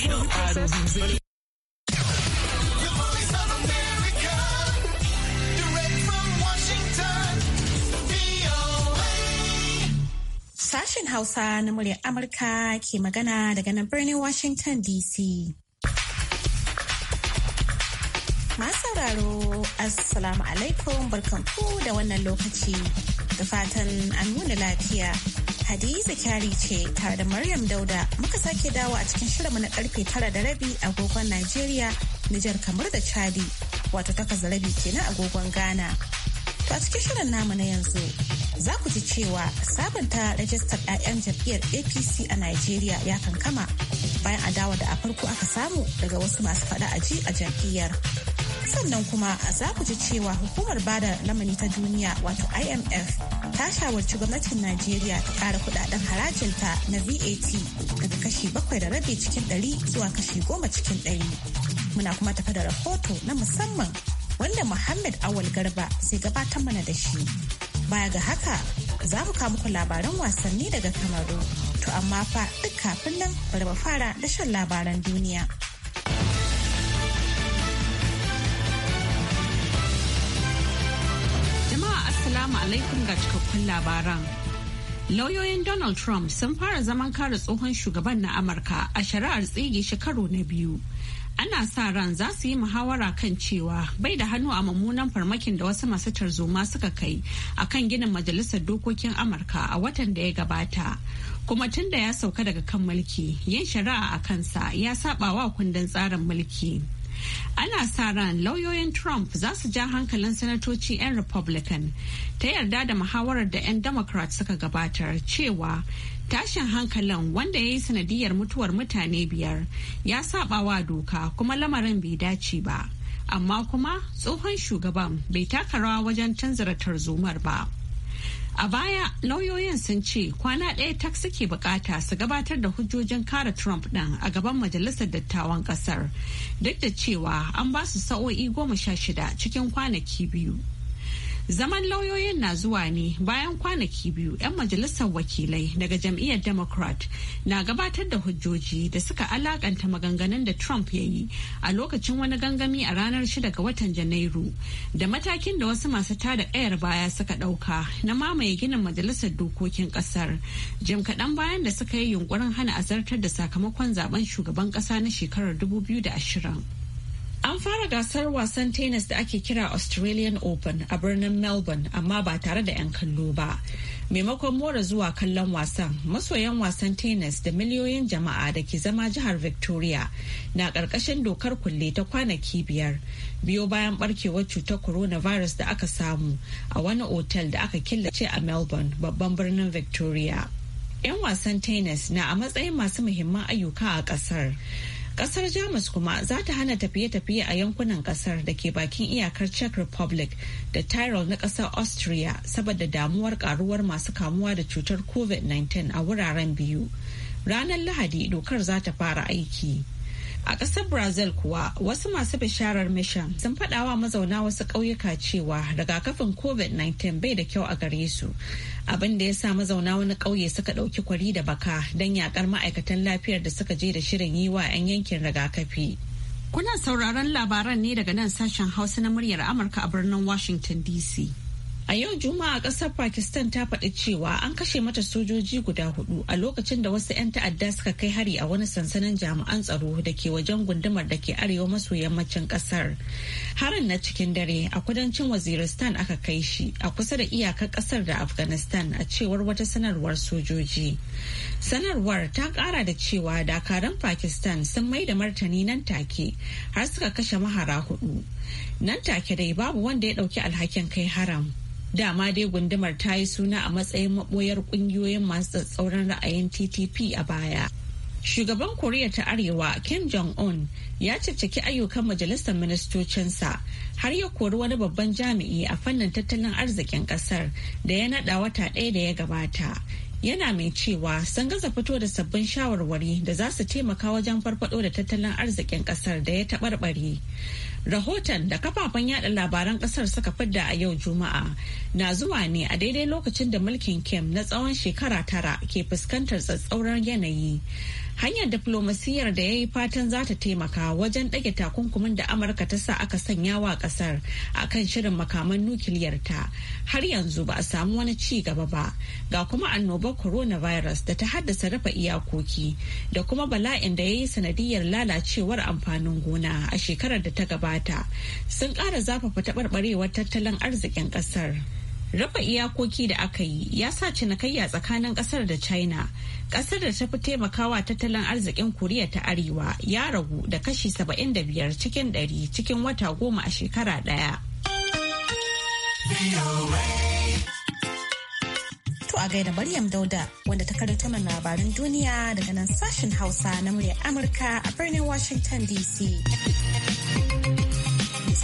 Constitutional Idol. Sashen Hausa na muryar Amurka ke magana daga nan birnin Washington DC. Masararo Assalamu alaikum barkanku da wannan lokaci da fatan an nuna lafiya. Hadiza Kyari ce tare da Maryam Dauda muka sake dawo a cikin shirinmu na karfe tara da rabi agogon Najeriya, Nijar kamar da Chadi, wato takas da rabi kenan agogon Ghana. To a cikin shirin namu na yanzu za ku ji cewa sabunta rajistar 'ya'yan jam'iyyar APC a Najeriya ya kankama bayan adawa da a farko aka samu daga wasu masu faɗa a ji a jam'iyyar. Sannan kuma za ku ji cewa hukumar bada lamani ta duniya wato IMF ta shawarci gwamnatin Najeriya ta kara kudaden harajinta na VAT daga kashi bakwai da rabi cikin ɗari zuwa kashi goma cikin ɗari. Muna kuma tafa da rahoto na musamman wanda Muhammad Awal Garba zai gabatar mana da shi. Baya ga haka za mu kawo muku labaran wasanni daga Kamaru. To amma fa duk kafin nan bari mu fara da shan labaran duniya. Jama'a Assalamu alaikum ga cikakkun labaran. Lauyoyin Donald Trump sun fara zaman kare tsohon shugaban na Amurka a shari'ar tsige shekaru na biyu. ana sa ran za su yi muhawara kan cewa bai da hannu a mummunan farmakin da wasu masu tarzoma suka kai a kan ginin majalisar dokokin amurka a watan da ya gabata kuma tun da ya sauka daga kan mulki yin shari'a a kansa ya saba wa kundin tsarin mulki ana sa ran lauyoyin trump za su ja hankalin sanatoci 'yan republican ta yarda da muhawarar da 'yan democrat suka gabatar cewa tashin hankalin wanda ya yi sanadiyar mutuwar mutane biyar ya saba wa doka kuma lamarin bai dace ba amma kuma tsohon shugaban bai taka rawa wajen canzara tarzomar ba a baya lauyoyin sun ce kwana ɗaya tak suke bukata su gabatar da hujjojin kare trump ɗin a gaban majalisar dattawan ƙasar duk da cewa an ba su sa'o'i goma sha shida cikin kwanaki biyu Zaman lauyoyin na zuwa ne bayan kwanaki biyu 'yan majalisar wakilai daga jam'iyyar Democrat na gabatar da hujjoji da suka alakanta maganganun da Trump ya yi a lokacin wani gangami a ranar 6 ga watan Janairu da matakin da wasu masu tada kayar baya suka ɗauka na mamaye ginin majalisar dokokin ƙasar jim kaɗan bayan da suka yi yunkurin hana azartar da sakamakon zaben shugaban ƙasa na shekarar 2020. An fara gasar wasan tennis da ake kira Australian Open a birnin Melbourne amma ba tare da 'yan kallo ba. Maimakon more zuwa kallon wasan, masoyan wasan tennis da miliyoyin jama'a da ke zama jihar Victoria na ƙarƙashin dokar kulle ta kwanaki biyar. Biyo bayan barkewar cutar coronavirus da aka samu a wani otel da aka killace a Melbourne, babban birnin Victoria. 'Yan wasan tennis na a matsayin masu muhimman ayyuka a ƙasar. Kasar Jamus kuma za ta hana tafiye-tafiye a yankunan kasar da ke bakin iyakar Czech Republic da Tyrol na kasar Austria saboda damuwar karuwar masu kamuwa da cutar COVID-19 a wuraren biyu. Ranar Lahadi dokar za ta fara aiki. A ƙasar Brazil kuwa wasu masu bisharar mishan sun faɗawa mazauna wasu ƙauyuka cewa rigakafin COVID-19 bai da kyau a gare su. Abin da ya sa mazauna wani ƙauye suka ɗauki kwari da baka don yaƙar ma'aikatan lafiyar da suka je da shirin yi wa 'yan yankin rigakafi. Kuna sauraron labaran ne daga nan sashen Hausa na muryar Amurka a birnin Washington DC. A yau Juma'a ƙasar Pakistan ta faɗi cewa an kashe mata sojoji guda hudu a lokacin da wasu 'yan ta'adda suka kai hari a wani sansanin jami'an tsaro da ke wajen gundumar da ke arewa maso yammacin ƙasar. Harin na cikin dare a kudancin Waziristan aka kai shi a kusa da iyakar ƙasar da Afghanistan a cewar wata sanarwar sojoji. Sanarwar ta ƙara da cewa dakaran Pakistan sun mai da martani nan take har suka kashe mahara hudu. Nan take dai babu wanda ya ɗauki alhakin kai haram. dama dai gundumar ta yi suna a matsayin maboyar kungiyoyin masu tsatsauran ra'ayin ttp a baya shugaban koriya ta arewa kim jong-un ya caccaki ayyukan majalisar ministocinsa har ya kori wani babban jami'i a fannin tattalin arzikin kasar da ya nada wata ɗaya da ya gabata yana mai cewa sun gaza fito da sabbin shawarwari da za su taimaka wajen farfado da tattalin arzikin kasar da ya taɓarɓare. rahoton da kafafen yada labaran kasar suka fidda a yau juma'a na zuwa ne a daidai lokacin da mulkin kim na tsawon shekara tara ke fuskantar tsatsauran yanayi hanyar diflomasiyyar da ya yi fatan za ta taimaka wajen ɗage takunkumin da amurka ta sa aka sanya wa ƙasar a kan shirin makaman nukiliyarta har yanzu ba a samu wani ci gaba ba ga kuma annobar coronavirus da ta haddasa rufe iyakoki da kuma bala'in da ya yi sanadiyar lalacewar amfanin gona a shekarar da ta gabata sun ƙara zafafa taɓarɓarewar tattalin arzikin ƙasar. rafa iyakoki da aka yi ya sa cinikayya tsakanin kasar da China, kasar da ta fi taimakawa tattalin arzikin Koriya ta Arewa ya ragu da kashi 75 cikin 100 cikin wata goma a shekara daya. To a gaida Maryam Dauda wanda ta karanta mana labarin duniya daga nan sashen Hausa na muryar Amurka a birnin Washington DC.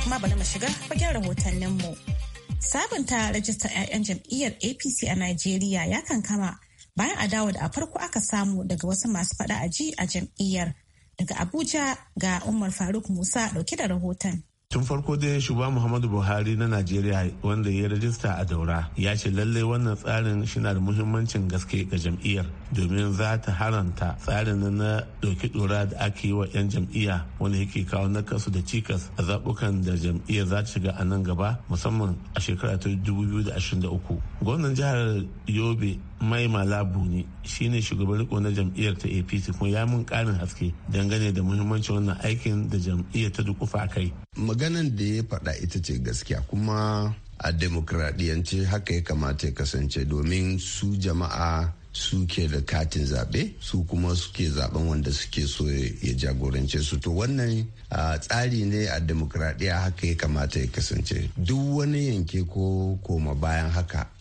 Kuma bari mu shiga fagen rahotanninmu. mu. Sabunta rajistar 'ya'yan jam'iyyar APC a Najeriya ya kankama bayan adawa da a farko aka samu daga wasu masu fada a ji a jam'iyyar. Daga Abuja ga Umar Faruk Musa dauke da rahoton. tun farko dai shugaba muhammadu buhari na najeriya wanda ya rajista a daura ya ce lallai wannan tsarin shina da muhimmancin gaske ga jam'iyyar domin za ta haranta tsarin na ɗauki ɗora da ake yi wa 'yan jam'iyya wanda yake kawo kasu da cikas a zaɓukan da jam'iyyar za ta shiga a nan gaba musamman a shekara ta 2023 gwamnan jihar yobe mai malabu ne shine shugaban riko na jam'iyyar ta apc kuma ya mun karin haske dangane da muhimmancin wannan aikin da jam'iyyar ta dukufa a kai maganan da ya faɗa ita ce gaskiya kuma a demokradiyance haka ya kamata ya kasance domin su jama'a suke da katin zaɓe su kuma suke zaben wanda suke so ya jagorance su to wannan tsari ne a demokradiyya haka ya kamata ya kasance duk wani yanke ko koma bayan haka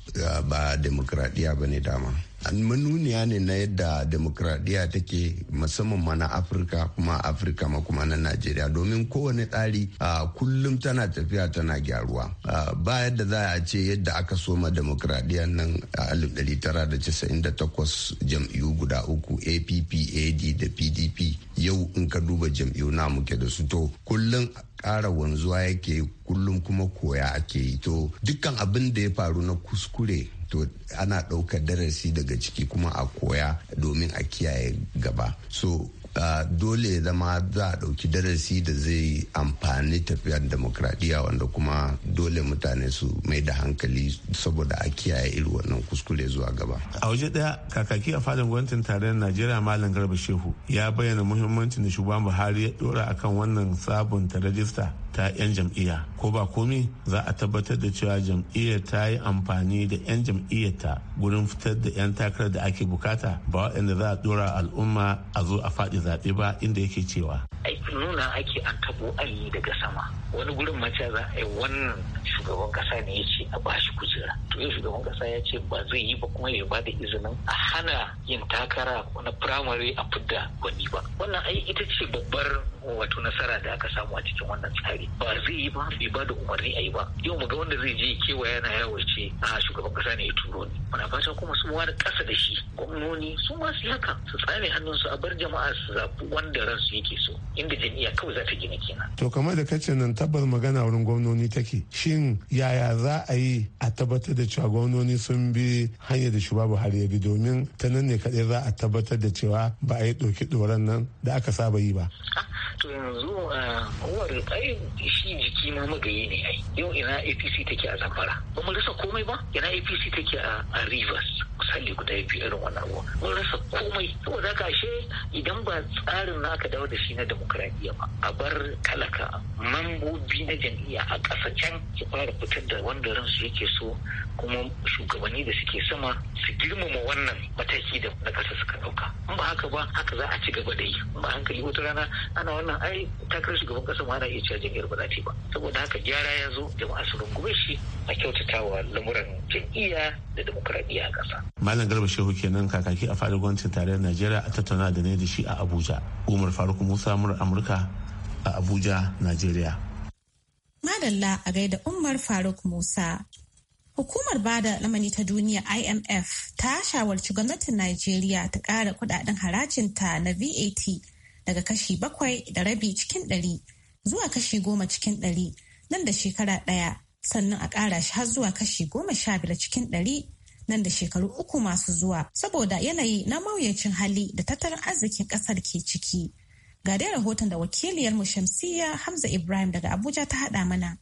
ba demokradiya ba ne dama manuniya ne na yadda demokradiyya take musamman ma na afirka kuma afirka ma kuma na najeriya domin kowane tsari a kullum tana tafiya tana gyaruwa ba yadda za a ce yadda aka soma demokradiyya nan a 1998 jam'iyyu guda uku app ad da pdp yau in ka duba jam'iyyu na muke da su to kullum ƙara wanzuwa yake kullum kuma koya ake yi to dukkan abin da ya faru na kuskure to ana ɗaukar darasi daga ciki kuma a koya domin a kiyaye gaba so Uh, dole zama za a ɗauki darasi da zai amfani tafiyar demokradiyya wanda kuma dole mutane su mai da hankali saboda a kiyaye iri wannan kuskure zuwa gaba. A waje ɗaya kakaki a fadin gwamnatin tarayyar Najeriya Malam Garba Shehu ya bayyana muhimmancin da shugaban Buhari ya ɗora akan wannan sabunta rajista ta 'yan jam'iyya ko ba komi za a tabbatar da cewa jam'iyyar ta yi amfani da 'yan jam'iyyarta gurin fitar da 'yan takarar da ake bukata ba waɗanda za a dora al'umma a zo a faɗi zaɓe ba inda yake cewa nuna ake an tabo ayi daga sama wani gurin mace za a yi wannan shugaban kasa ne ya ce a ba shi kujera to shugaban kasa ya ce ba zai yi ba kuma ya ba da izinin a hana yin takara na firamare a fidda wani ba wannan ai ita ce babbar wato nasara da aka samu a cikin wannan tsari ba zai yi ba bai ba da umarni a yi ba yau mu ga wanda zai je kewa yana yawo ce a shugaban kasa ne ya turo ni muna fata kuma su wani kasa da shi gwamnoni su ma su haka su tsame hannunsu a bar jama'a su zaɓi wanda ransu yake so inda jami'a kawai za ta gina kenan. to kamar da kace nan tabbas magana wurin gwamnoni take shin yaya za a yi a tabbatar da cewa gwamnoni sun bi hanyar da shugaba buhari ya bi domin ta nan ne kaɗai za a tabbatar da cewa ba a yi ɗauki ɗoran nan da aka saba yi ba. Ah, to yanzu a ah, uwar ai shi jiki ma magayi ne ai yau ina apc take a zamfara ba mu rasa komai ba ina apc take a rivers misali guda biyu irin wannan abuwa mun rasa komai za k'a ashe idan ba tsarin na aka dawo da shi na demokradiyya ba a bar talaka mambobi na jam'iyya a ƙasa can su fara fitar da wanda ransu yake so kuma shugabanni da suke sama su girmama wannan mataki da na ƙasa suka ɗauka in ba haka ba haka za a ci gaba da yi ba hankali wata rana ana wannan wannan ai takarar shugaban kasa ma ana iya cewa jam'iyyar ba za ba saboda haka gyara ya zo jama'a su rungume shi a kyautata wa lamuran jam'iyya da demokuraɗiyya a ƙasa. malam garba shehu kenan kakaki a fadar gwamnatin tarayyar najeriya a tattauna da ne da shi a abuja umar faruk musa mur amurka a abuja najeriya. madalla a gaida umar faruk musa Hukumar bada lamani ta duniya IMF ta shawarci gwamnatin Najeriya ta ƙara kudaden harajinta na VAT daga kashi bakwai da rabi cikin ɗari zuwa kashi goma cikin ɗari nan da shekara ɗaya sannan a ƙara shi har zuwa kashi goma sha biyar cikin ɗari nan da shekaru uku masu zuwa saboda yanayi na mawuyacin hali da tattalin arzikin ƙasar ke ciki. Ga dai rahoton da wakiliyar mu Shamsiyya Hamza Ibrahim daga Abuja ta haɗa mana.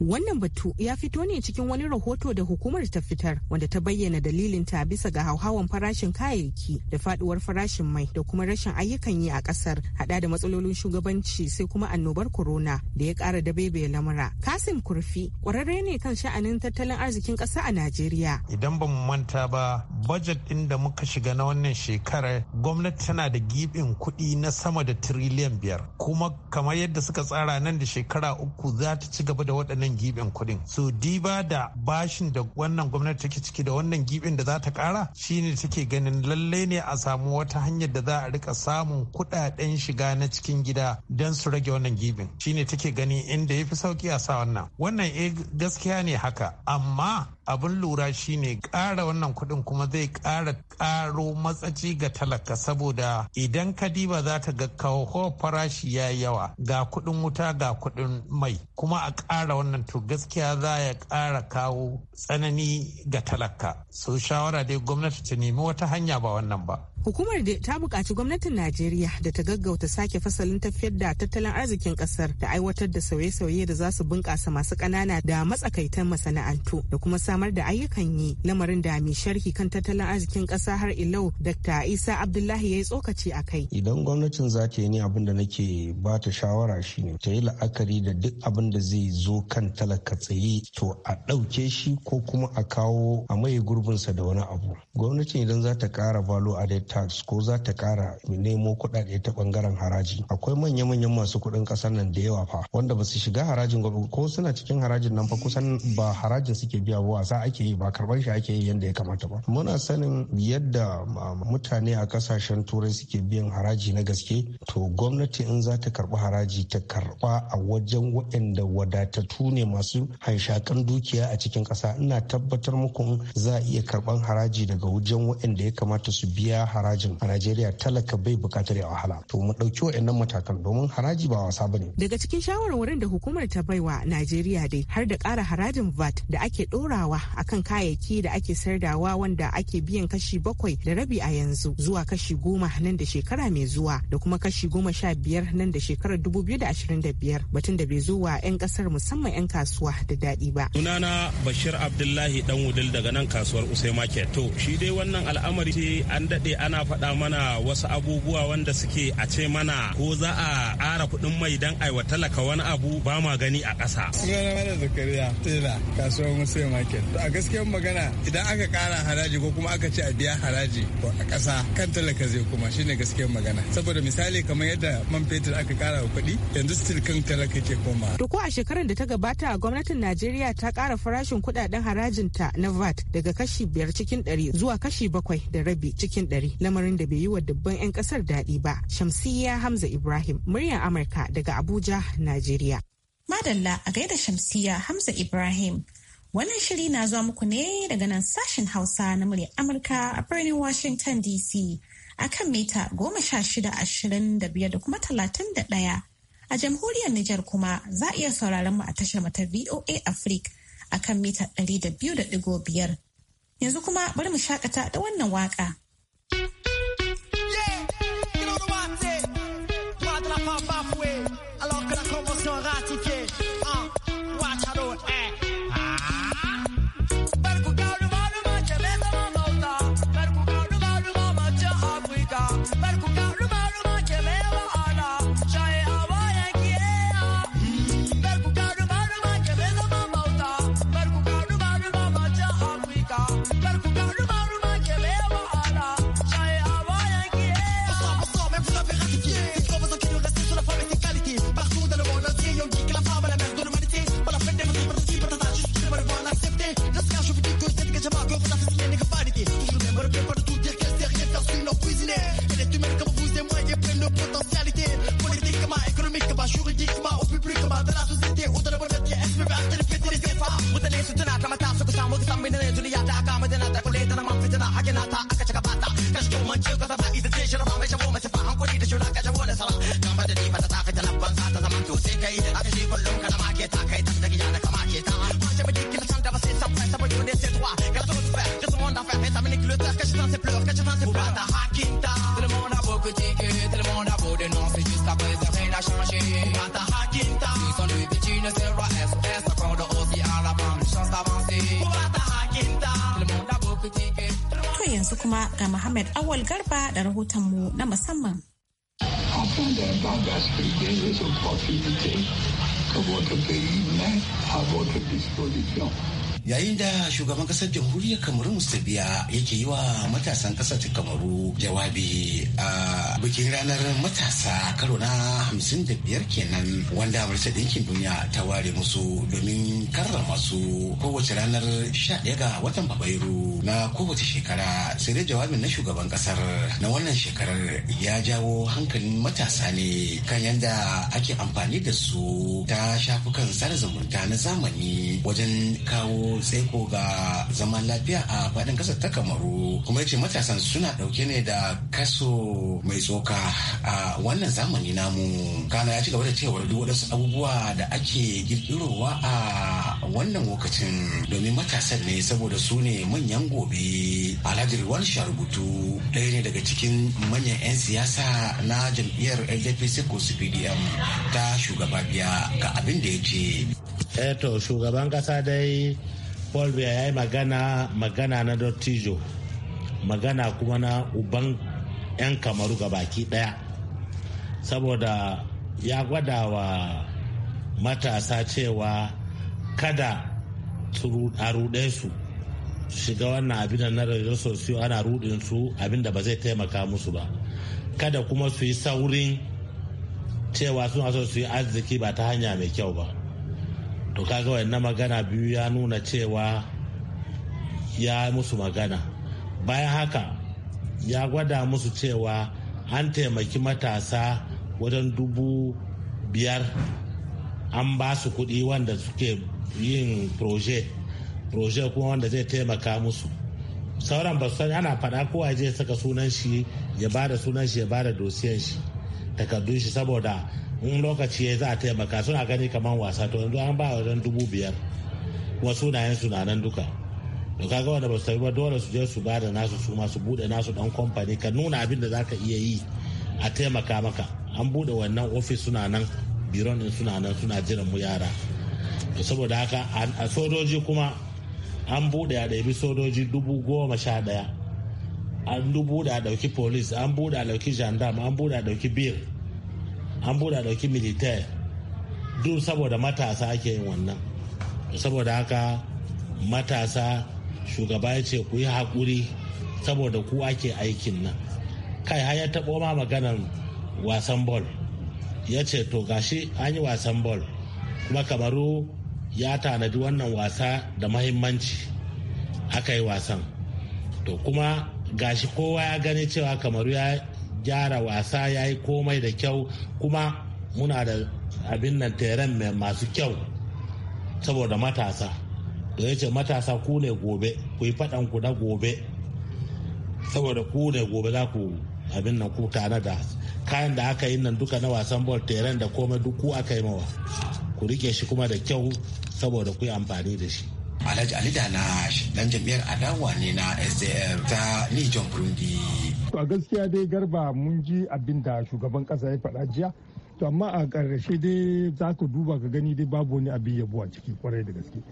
Wannan batu ya fito ne cikin wani rahoto da hukumar ta fitar wanda ta bayyana dalilin ta bisa ga hauhawan farashin kayayyaki da faduwar farashin mai da kuma rashin ayyukan yi a kasar hada da matsalolin shugabanci sai kuma annobar corona da ya kara da bebe lamura. Kasim Kurfi kwararre ne kan sha'anin tattalin arzikin kasa a Najeriya. Idan ban manta ba budget din da muka shiga na wannan shekarar gwamnati tana da gibin kuɗi na sama da tiriliyan biyar kuma kamar yadda suka tsara nan da shekara uku za ta ci gaba da waɗannan wannan gibin kuɗin so diba da bashin da wannan gwamnati take ciki da wannan gibin da za ta ƙara shine take ganin lalle ne a samu wata hanyar da za a rika samun kuɗaɗen shiga na cikin gida don su rage wannan gibin shine take gani inda yafi sauki a sa wannan wannan eh gaskiya ne haka amma abin lura shine ƙara wannan kuɗin kuma zai ƙara ƙaro matsaci ga talaka saboda idan kadiba za ta ga kawo farashi ya yawa ga kuɗin wuta ga kuɗin mai kuma a ƙara wannan to gaskiya za ya ƙara kawo tsanani ga talaka so shawara dai gwamnati ta nemi wata hanya ba wannan ba Hukumar da ta buƙaci gwamnatin Najeriya da ta gaggauta sake fasalin tafiyar da tattalin arzikin ƙasar da aiwatar da sauye-sauye da za su bunƙasa masu ƙanana da matsakaitan masana'antu da kuma samar da ayyukan yi lamarin da mai sharhi kan tattalin arzikin ƙasa har ilau Dr. Isa Abdullahi ya yi tsokaci a kai. Idan gwamnatin za ta yi ni abin da nake ba ta shawara shine ta yi la'akari da duk abin da zai zo kan talaka tsaye to a ɗauke shi ko kuma a kawo a maye gurbinsa da wani abu. Gwamnatin idan za ta ƙara balo a tax ko za ta kara nemo kuɗaɗe ta bangaren haraji akwai manya-manyan masu kuɗin ƙasar nan da yawa fa wanda ba su shiga harajin gwamnati ko suna cikin harajin nan fa kusan ba harajin suke biya ba wasa ake yi ba karɓar shi ake yi yadda ya kamata ba muna sanin yadda mutane a ƙasashen turai suke biyan haraji na gaske to gwamnati in za ta karɓi haraji ta karɓa a wajen waɗanda wadatattu ne masu hanshakan dukiya a cikin ƙasa ina tabbatar muku za a iya karɓan haraji daga wajen waɗanda ya kamata su biya harajin a Najeriya talaka bai bukatar ya wahala. To mu ɗauki wa'annan matakan domin haraji ba wasa bane. Daga cikin shawarwarin da hukumar ta baiwa Najeriya dai har da ƙara harajin VAT da ake ɗorawa akan kayayyaki da ake sardawa wanda ake biyan kashi bakwai da rabi a yanzu zuwa kashi goma nan da shekara mai zuwa da kuma kashi goma sha biyar nan da shekarar dubu biyu da ashirin da biyar batun da bai zo wa 'yan ƙasar musamman 'yan kasuwa da daɗi ba. Sunana Bashir Abdullahi ɗan Wudil daga nan kasuwar Usai Market. To shi dai wannan al'amari an daɗe ana faɗa mana wasu abubuwa wanda suke a ce mana ko za a ƙara kuɗin mai don aiwa talaka wani abu ba ma gani a ƙasa. Sunana mana zakariya tela kasuwar musayi market. A gaskiyar magana idan aka ƙara haraji ko kuma aka ce a biya haraji a ƙasa kan talaka zai kuma shine gaskiyar magana. Saboda misali kamar yadda man fetur aka ƙara wa kuɗi yanzu still kan talaka ke koma. Duk a shekarar da ta gabata gwamnatin Najeriya ta ƙara farashin kuɗaɗen harajinta na VAT daga kashi biyar cikin ɗari zuwa kashi bakwai da rabi cikin ɗari. lamarin da bai yi wa dubban 'yan kasar daɗi ba shamsiyya hamza ibrahim muryar amurka daga abuja najeriya madalla a gaida shamsiyya hamza ibrahim wannan shiri na zuwa muku ne daga nan sashen hausa na muryar amurka a birnin washington dc a kan mita goma sha shida ashirin da biyar da kuma talatin da ɗaya a jamhuriyar nijar kuma za a iya sauraron mu a tashar mata voa africa a kan mita ɗari da biyu da ɗigo biyar yanzu kuma bari mu shakata da wannan waka kashe mashe ta hakinta son rikici na sirra ss a kawo osi araba shan sabon sai ta hakinta limon da to yanzu kuma ga Muhammad Awal Garba da rahoton mu na musamman Afin da ba gaskiya ne su kofi da saboda bai na a votre disposition. yayin da shugaban kasar jamhuriyar kamaru musta biya yake yi wa matasan kasar ta kamaru jawabi a bikin ranar matasa karo na hamsin da biyar kenan wanda amurka ɗinkin duniya ta ware musu domin karrama su kowace ranar sha ɗaya ga watan fabairu na kowace shekara sai dai jawabin na shugaban kasar na wannan shekarar ya jawo hankalin matasa ne kan yadda ake amfani da su ta shafukan sada zumunta na zamani wajen kawo tseko ga zaman lafiya a faɗin ƙasar ta kamaru kuma yace matasan suna ɗauke ne da kaso mai tsoka a wannan zamani namu kana ya ci gaba da cewar duk waɗansu abubuwa da ake girgirowa a wannan lokacin domin matasan ne saboda su ne manyan gobe alhaji sha rubutu ɗaya ne daga cikin manyan 'yan siyasa na jam'iyyar ldpc ko cpdm ta shugaba biya ga abin da ya ce. eto eh shugaban kasa dai paul biya ya yi magana magana na dottijo magana kuma na uban 'yan kamaru ga baki daya saboda ya gwada wa matasa cewa kada a rude su shiga wannan abin da na rarrabe sosiyo ana rudin su abin da ba zai taimaka musu ba kada kuma su yi saurin cewa sun so su yi arziki ba ta hanya mai kyau ba to kaga na magana biyu ya nuna cewa ya musu magana bayan haka ya gwada musu cewa an taimaki matasa wajen dubu biyar an ba su kuɗi wanda suke yin proje proje kuma wanda zai taimaka musu sauran ba sani ana faɗa kowa je saka sunan shi ya bada da sunan shi ya bada da dosiyan shi takardun shi saboda in lokaci ya za a taimaka suna gani kamar wasa to yanzu an ba wajen dubu biyar kuma sunayen nan duka to kaga wanda ba su ba dole su je su bada nasu su ma su bude nasu dan kamfani ka nuna abin da za ka iya yi a taimaka maka an bude wannan ofis suna nan biron din suna nan suna jiran mu yara to saboda haka a sojoji kuma an bude a ɗabi sojoji dubu goma sha ɗaya an dubu da a ɗauki polis an bude a ɗauki gendarme an bude a ɗauki bir an buɗe ɗauki militaire duk saboda matasa ake yin wannan saboda haka matasa shugaba ya ce ku yi haƙuri saboda ku ake aikin nan kai har ya taɓo ma maganar wasan bol ya ce to gashi an yi wasan bol kuma kamaru ya tanadi wannan wasa da mahimmanci aka yi wasan to kuma gashi kowa ya gani cewa kamaru ya gyara wasa ya yi komai da kyau kuma muna da abin nan teren mai masu kyau saboda matasa da ya ce matasa ku ne gobe ku yi ku na gobe saboda ku ne gobe za ku abin nan ku tana da kayan da aka yi nan duka na wasan bol teren da komai duk ku aka yi mawa ku rike shi kuma da kyau saboda ku yi amfani da shi Alhaji Ali Danash dan jam'iyyar adawa ne na SDF ta Nijon Burundi. To a gaskiya dai garba mun ji abin da shugaban kasa ya faɗa jiya. To amma a ƙarshe dai za ka duba ka gani dai babu wani abin yabo a ciki kwarai da gaske.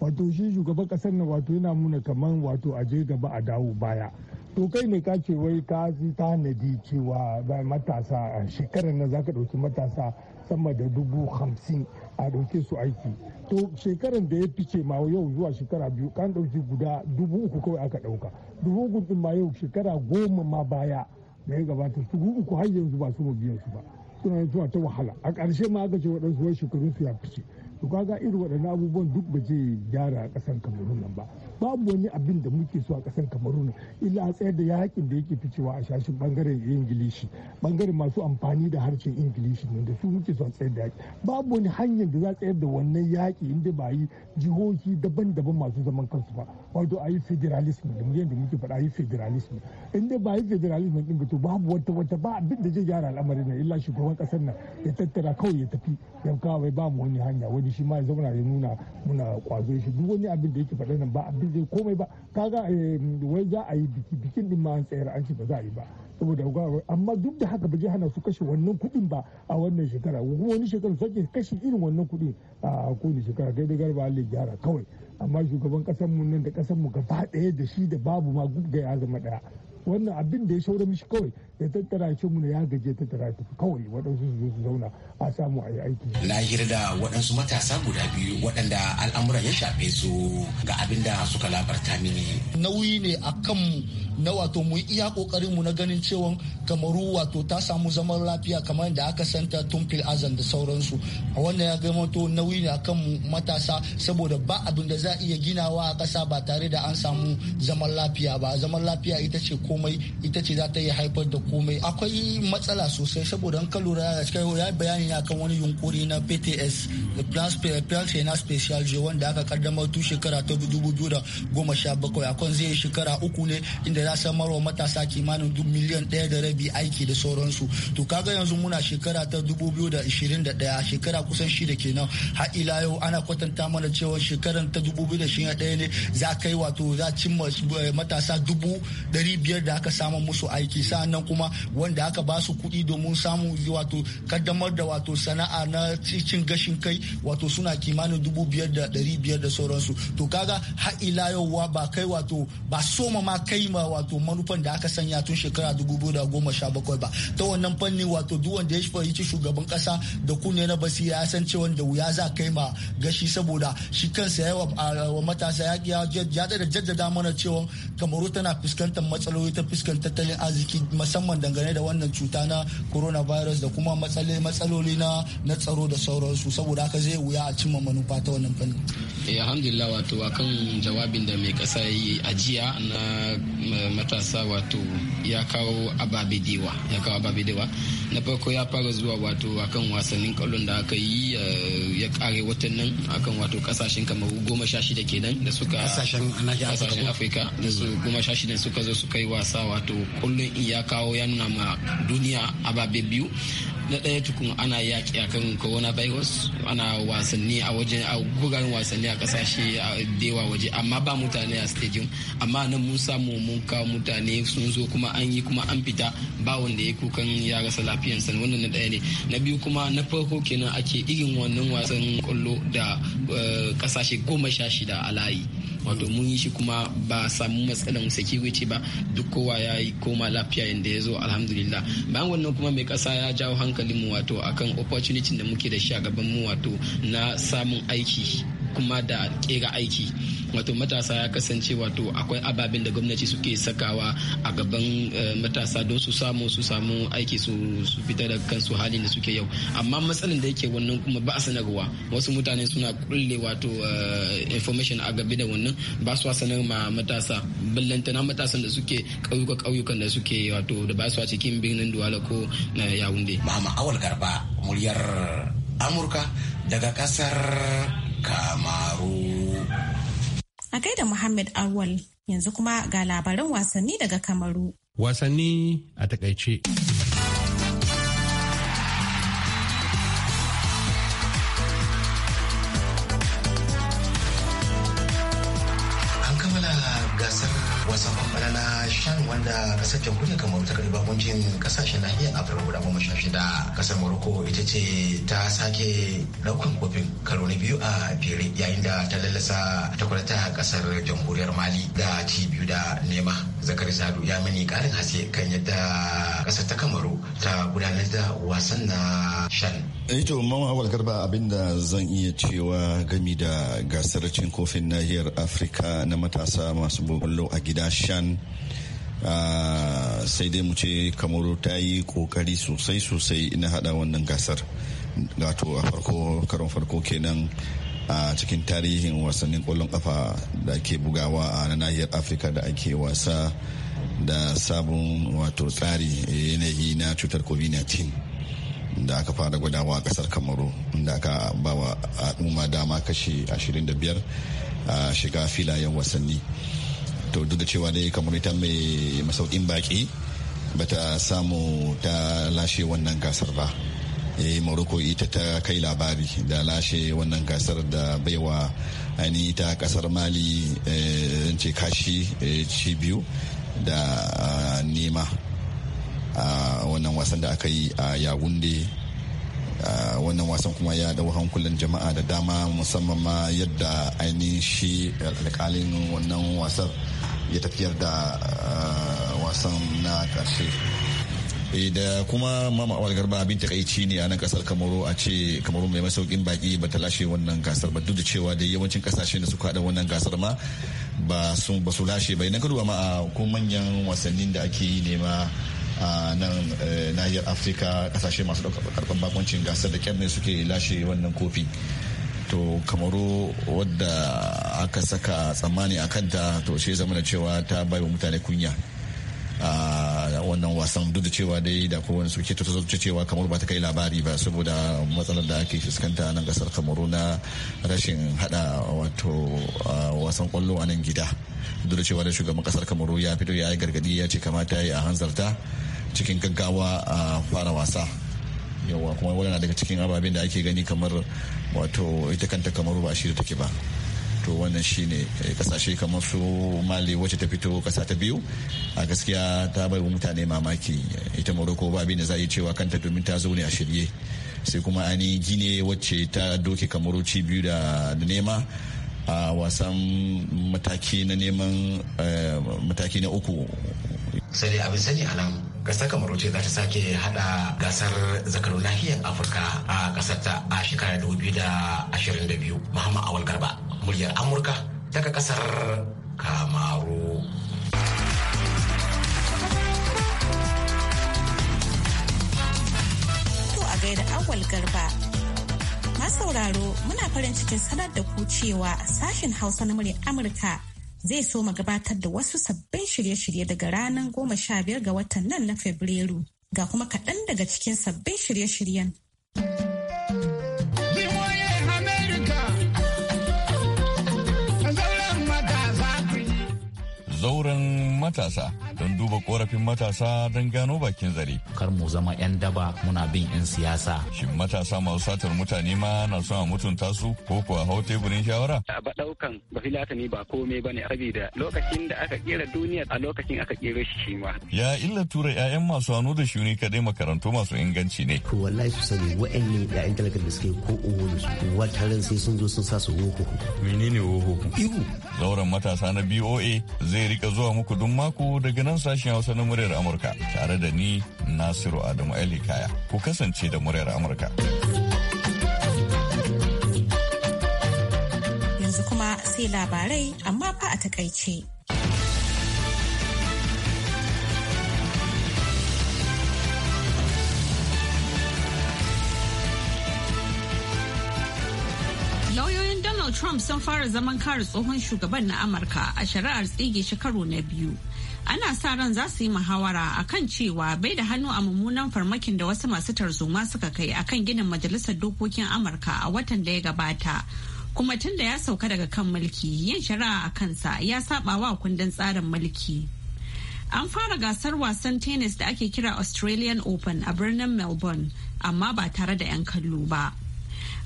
Wato shi shugaban ƙasar na wato yana muna kaman wato a je gaba a dawo baya. To kai ne ka ce wai ka tanadi cewa matasa shekarar na za ka ɗauki matasa sama da dubu hamsin a ɗauke su aiki to shekaran da ya fice ma yau zuwa shekara biyu kan ɗauki guda dubu uku kawai aka ɗauka dubu uku ɗin ma yau shekara goma ma baya da ya gabata dubu uku har yanzu ba su mu biyan su ba suna zuwa ta wahala a ƙarshe ma aka ce waɗansu wai shekarun su ya fice to kaga irin waɗannan abubuwan duk ba zai gyara ƙasar kamerun nan ba babu wani abin da muke so a kasan Kamaruna illa a tsayar da yakin da yake ficewa a shashin bangaren ingilishi bangaren masu amfani da harshen ingilishi ne da su muke so a tsayar da yaki babu wani hanyar da za a tsayar da wannan yaki inda ba yi jihohi daban-daban masu zaman kansu ba wato a yi federalism da muke da muke faɗa yi federalism inda ba yi federalism din ba to babu wata wata ba abin da zai gyara al'amarin nan illa shugaban kasar nan ya tattara kawai ya tafi ya kawai ba mu wani hanya wani shi ma ya zauna ya nuna muna kwazo shi duk wani abin da yake faɗa nan ba abin mutum zai komai ba kaga eh, wai za a yi bikin din ma an tsayar an ce ba za a yi ba saboda gwamnati amma duk da haka ba zai hana su kashe wannan kuɗin ba a wannan shekara kuma wani shekara sake kashe irin wannan kuɗin a kowane shekara kai da garba Allah gyara kawai amma shugaban kasar mu nan da kasar mu gaba ɗaya da shi da babu ma duk ya zama ɗaya wannan abin da ya shaura mishi kawai ya tattara shi mu ya gaje tattara shi kawai waɗansu su su zauna a samu a yi aiki. Na hira da waɗansu matasa guda biyu waɗanda al'amuran ya shafe su ga abin da suka labarta mini. Nauyi ne a kan na wato mu iya ƙoƙarin mu na ganin cewa kamaru wato ta samu zaman lafiya kamar da aka santa tun fil azan da sauransu. A wannan ya gama to nauyi ne a kan matasa saboda ba abin da za a iya ginawa a ƙasa ba tare da an samu zaman lafiya ba. Zaman lafiya ita ce komai ita ce za ta iya haifar da komai akwai matsala sosai saboda ka lura da cikin ya bayani ne akan wani yunkuri na pts plan na special je wanda aka kaddamar tu shekara ta dubu biyu da goma sha bakwai akwai zai shekara uku ne inda za su wa matasa kimanin miliyan ɗaya da rabi aiki da sauransu to kaga yanzu muna shekara ta dubu biyu da ishirin da ɗaya shekara kusan shida kenan har ila yau ana kwatanta mana cewa shekaran ta dubu biyu da ishirin ɗaya ne za kai wato za cimma eh, matasa dubu ɗari biyar da aka samu musu aiki sa'annan kuma kuma wanda aka ba su kuɗi domin samun wato kaddamar da wato sana'a na cin gashin kai wato suna kimanin dubu biyar da ɗari biyar da sauransu to kaga har ila yauwa ba kai wato ba soma ma kai ma wato manufan da aka sanya tun shekara dubu biyu da goma sha bakwai ba ta wannan fanni wato duk wanda ya fahimci shugaban kasa da kunne na basira ya san cewa da wuya za kai ma gashi saboda shi kansa ya wa matasa ya ya da jaddada mana cewa kamaru tana fuskantar matsaloli ta fuskantar tattalin arziki musamman musamman dangane da wannan cuta na coronavirus da kuma matsaloli na na tsaro da sauransu saboda haka zai wuya a cimma manufa ta wannan fanni. Eh alhamdulillah wato akan jawabin da mai kasa yi a jiya na matasa wato ya kawo ababe dewa ya kawo ababe dewa na farko ya fara zuwa wato akan wasannin kallon da aka yi eh, ya kare watan nan akan wato kasashen kamar goma sha shida kenan da suka kasashen afirka da su goma sha shida suka zo suka yi wasa wato kullun ya kawo ya nuna ma duniya ababe biyu na ɗaya tukun ana yaƙi a corona virus ana wasanni a wajen a guraren wasanni a kasashe a dewa waje amma ba mutane a stadium amma nan mun samu mun kawo mutane sun zo kuma an yi kuma an fita ba wanda ya kukan ya rasa lafiyansa wannan na ɗaya ne na biyu kuma na farko kenan ake irin wannan wasan kwallo da kasashe eh, goma sha shida a layi wato mun yi shi kuma ba samu matsalan wuce ba duk kowa ya yi koma lafiya yadda ya zo alhamdulillah bayan wannan kuma mai kasa ya jawo hankalin mu wato akan opportunity da muke da shi a gaban mu wato na samun aiki kuma da kera aiki wato matasa ya kasance wato akwai ababen da gwamnati suke sakawa a gaban eh, matasa don su samu su samu aiki su fita da kansu halin da suke yau amma matsalin da yake wannan kuma ba a sanarwa wasu mutane suna kulle wato eh, information a gabi da wannan ba su sanar ma matasa ballantana matasan da suke ƙauyuka ƙauyukan da suke wato da ba su cikin birnin duwala ko na yawunde. Mama Awal Garba muryar Amurka daga kasar Kamaru. A gaida Muhammad Awal yanzu kuma ga labaran wasanni daga Kamaru. Wasanni a takaice. shan wanda kasar jamhuriyar kamaru ta karbi bakuncin kasashen nahiyar afirka guda goma sha shida kasar morocco ita ce ta sake daukan kofin karo na biyu a fere yayin da ta lallasa takwarata kasar jamhuriyar mali da ci biyu da nema zakari sadu ya mini karin haske kan yadda kasar ta kamaru ta gudanar da wasan na shan eh to mama awal garba abinda zan iya cewa gami da gasar cin kofin nahiyar afirka na matasa masu bullo a gida shan Ah, sai dai mu ce kamaru ta yi kokari sosai sosai na hada wannan gasar gato a farko karon farko kenan a cikin tarihin wasannin kwallon kafa da ke bugawa a nahiyar afirka da ake wasa da sabon wato tsari eh, yanayi na cutar covid-19 da aka fara gudawa a kasar kamaru da aka bawa a al'umma dama kashi 25 a shiga filayen wasanni to duk da cewa dai kamar ita mai masaukin baki ta samu ta lashe wannan gasar ba eh maroko ita ta kai labari da lashe wannan gasar da baiwa ainihi ta kasar mali eh, ce kashi eh, ci biyu da ah, nema a ah, wannan wasan da aka yi a yawunde ah, wannan wasan kuma ya dau hankulan jama'a da dama musamman ma yadda ainihin shi alkalin wannan wasar ya tafiyar da ah, wasan na ƙarshe eh, da kuma mama awal garba abin takaici ne a nan kasar kamaru a ce kamaru mai masaukin baki ba ta lashe wannan gasar ba duk da cewa da yawancin kasashe da suka hada wannan gasar ma ba su ba su lashe ba idan ka duba ma a ko manyan wasannin da ake yi nema a nan eh, nahiyar afirka kasashe masu karban bakoncin gasar da kyar ne suke lashe wannan kofi to kamaru wadda aka saka tsammani a kanta to shi zama da cewa ta bai wa mutane kunya a wannan wasan duk da cewa dai da kowane su ke ta zuci cewa kamaru ba ta kai labari ba saboda matsalar da ake fuskanta a nan gasar kamaru na rashin hada wato wasan kwallo a nan gida duk da cewa da shugaban kasar kamaru ya fito ya yi gargadi ya ce kamata ya hanzarta cikin gaggawa a fara wasa yawa kuma wannan daga cikin ababen da ake gani kamar wato ita kanta kamar ba shi da take ba to wannan shine eh, kasashe kamar su mali wacce ta fito kasa ta biyu a gaskiya ta bai mutane mamaki ita morocco ba abin da za a yi cewa kanta domin ta zo ne a shirye sai kuma ani gine wacce ta doke kamaru biyu da nema a wasan mataki na neman eh, mataki na uku sai abin sani a ka kamaru ce za ta sake hada gasar zakaru nahiyar afirka a kasar ta a shekarar 2022 muhammad awal garba muryar amurka daga kasar kamaru awal garba masauraro muna farin cikin sanar da ku cewa sashen hausa na muryar amurka zai so gabatar da wasu sabbin shirye-shirye daga ranar goma sha biyar ga watan nan na Fabrairu ga kuma kaɗan daga cikin sabbin shirye-shiryen. Zauren matasa don duba korafin matasa don gano bakin zare. Kar mu zama 'yan daba muna bin 'yan siyasa. Shin matasa masu satar mutane ma na son a mutunta su ko kuwa hau teburin shawara? A ba ɗaukan ba filata ne ba komai ba ne da lokacin da aka kera duniya a lokacin aka kera shi shi ma. Ya illa tura 'ya'yan masu hannu da shuni kadai makarantu masu inganci ne. ko wallahi su sani wa'annan 'ya'yan talakar da suke ko owo su wataran sai sun zo sun sa su woho. Menene woho? Ihu. Zauren matasa na BOA zai rika zuwa muku duk mako daga nan sashen Hausa na muryar Amurka tare da ni Nasiru Adamu Ali Ku kasance da muryar Amurka. Yanzu kuma sai labarai amma ba a takaice. Donald Trump sun fara zaman kare tsohon shugaban na Amurka a shari'ar tsige shekaru na biyu. Ana sa ran za su yi muhawara a kan cewa bai da hannu a mummunan farmakin da wasu masu tarzoma suka kai a kan ginin Majalisar Dokokin Amurka a watan da ya gabata. Kuma tun da ya sauka daga kan mulki yin shari'a a kansa ya saba wa kundin tsarin mulki. An fara gasar wasan tennis da ake kira Australian Open a birnin Melbourne amma ba tare da 'yan kallo ba.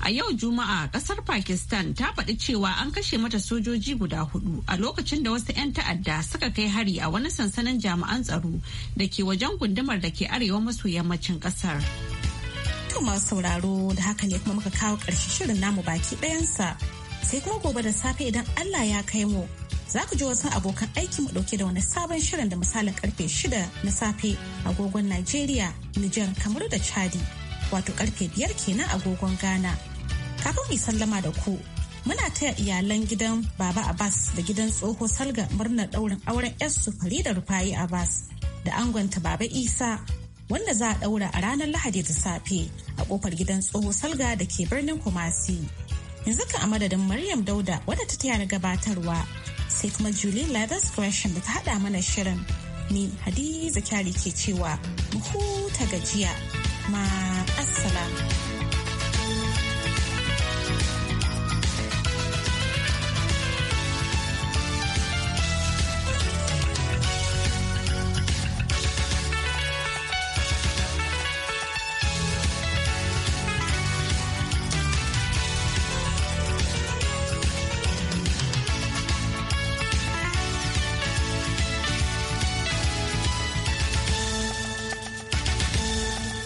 A yau Juma'a kasar Pakistan ta faɗi cewa an kashe mata sojoji guda hudu a lokacin da wasu 'yan ta'adda suka kai hari a wani sansanin jami'an tsaro da ke wajen gundumar da ke arewa maso yammacin kasar. To sauraro da haka ne kuma muka kawo ƙarshe shirin namu baki ɗayansa sai kuma gobe da safe idan Allah ya kai mu za ku ji wasu abokan aiki mu dauke da wani sabon shirin da misalin karfe shida na safe agogon Najeriya, Nijar, Kamaru da Chadi, wato karfe biyar kenan agogon Ghana. Kafin mu sallama da ku, muna taya iyalan gidan Baba Abbas da gidan tsoho Salga murnar ɗaurin auren 'yarsu Farida Rufayi Abbas da angonta Baba Isa wanda za a ɗaura a ranar Lahadi da safe a ƙofar gidan tsoho Salga da ke birnin Kumasi. Yanzu ka a madadin Maryam Dauda wadda ta taya na gabatarwa sai kuma Julie Leathers Question da ta haɗa mana shirin. Ni Hadiza Kyari ke cewa mu huta gajiya. Ma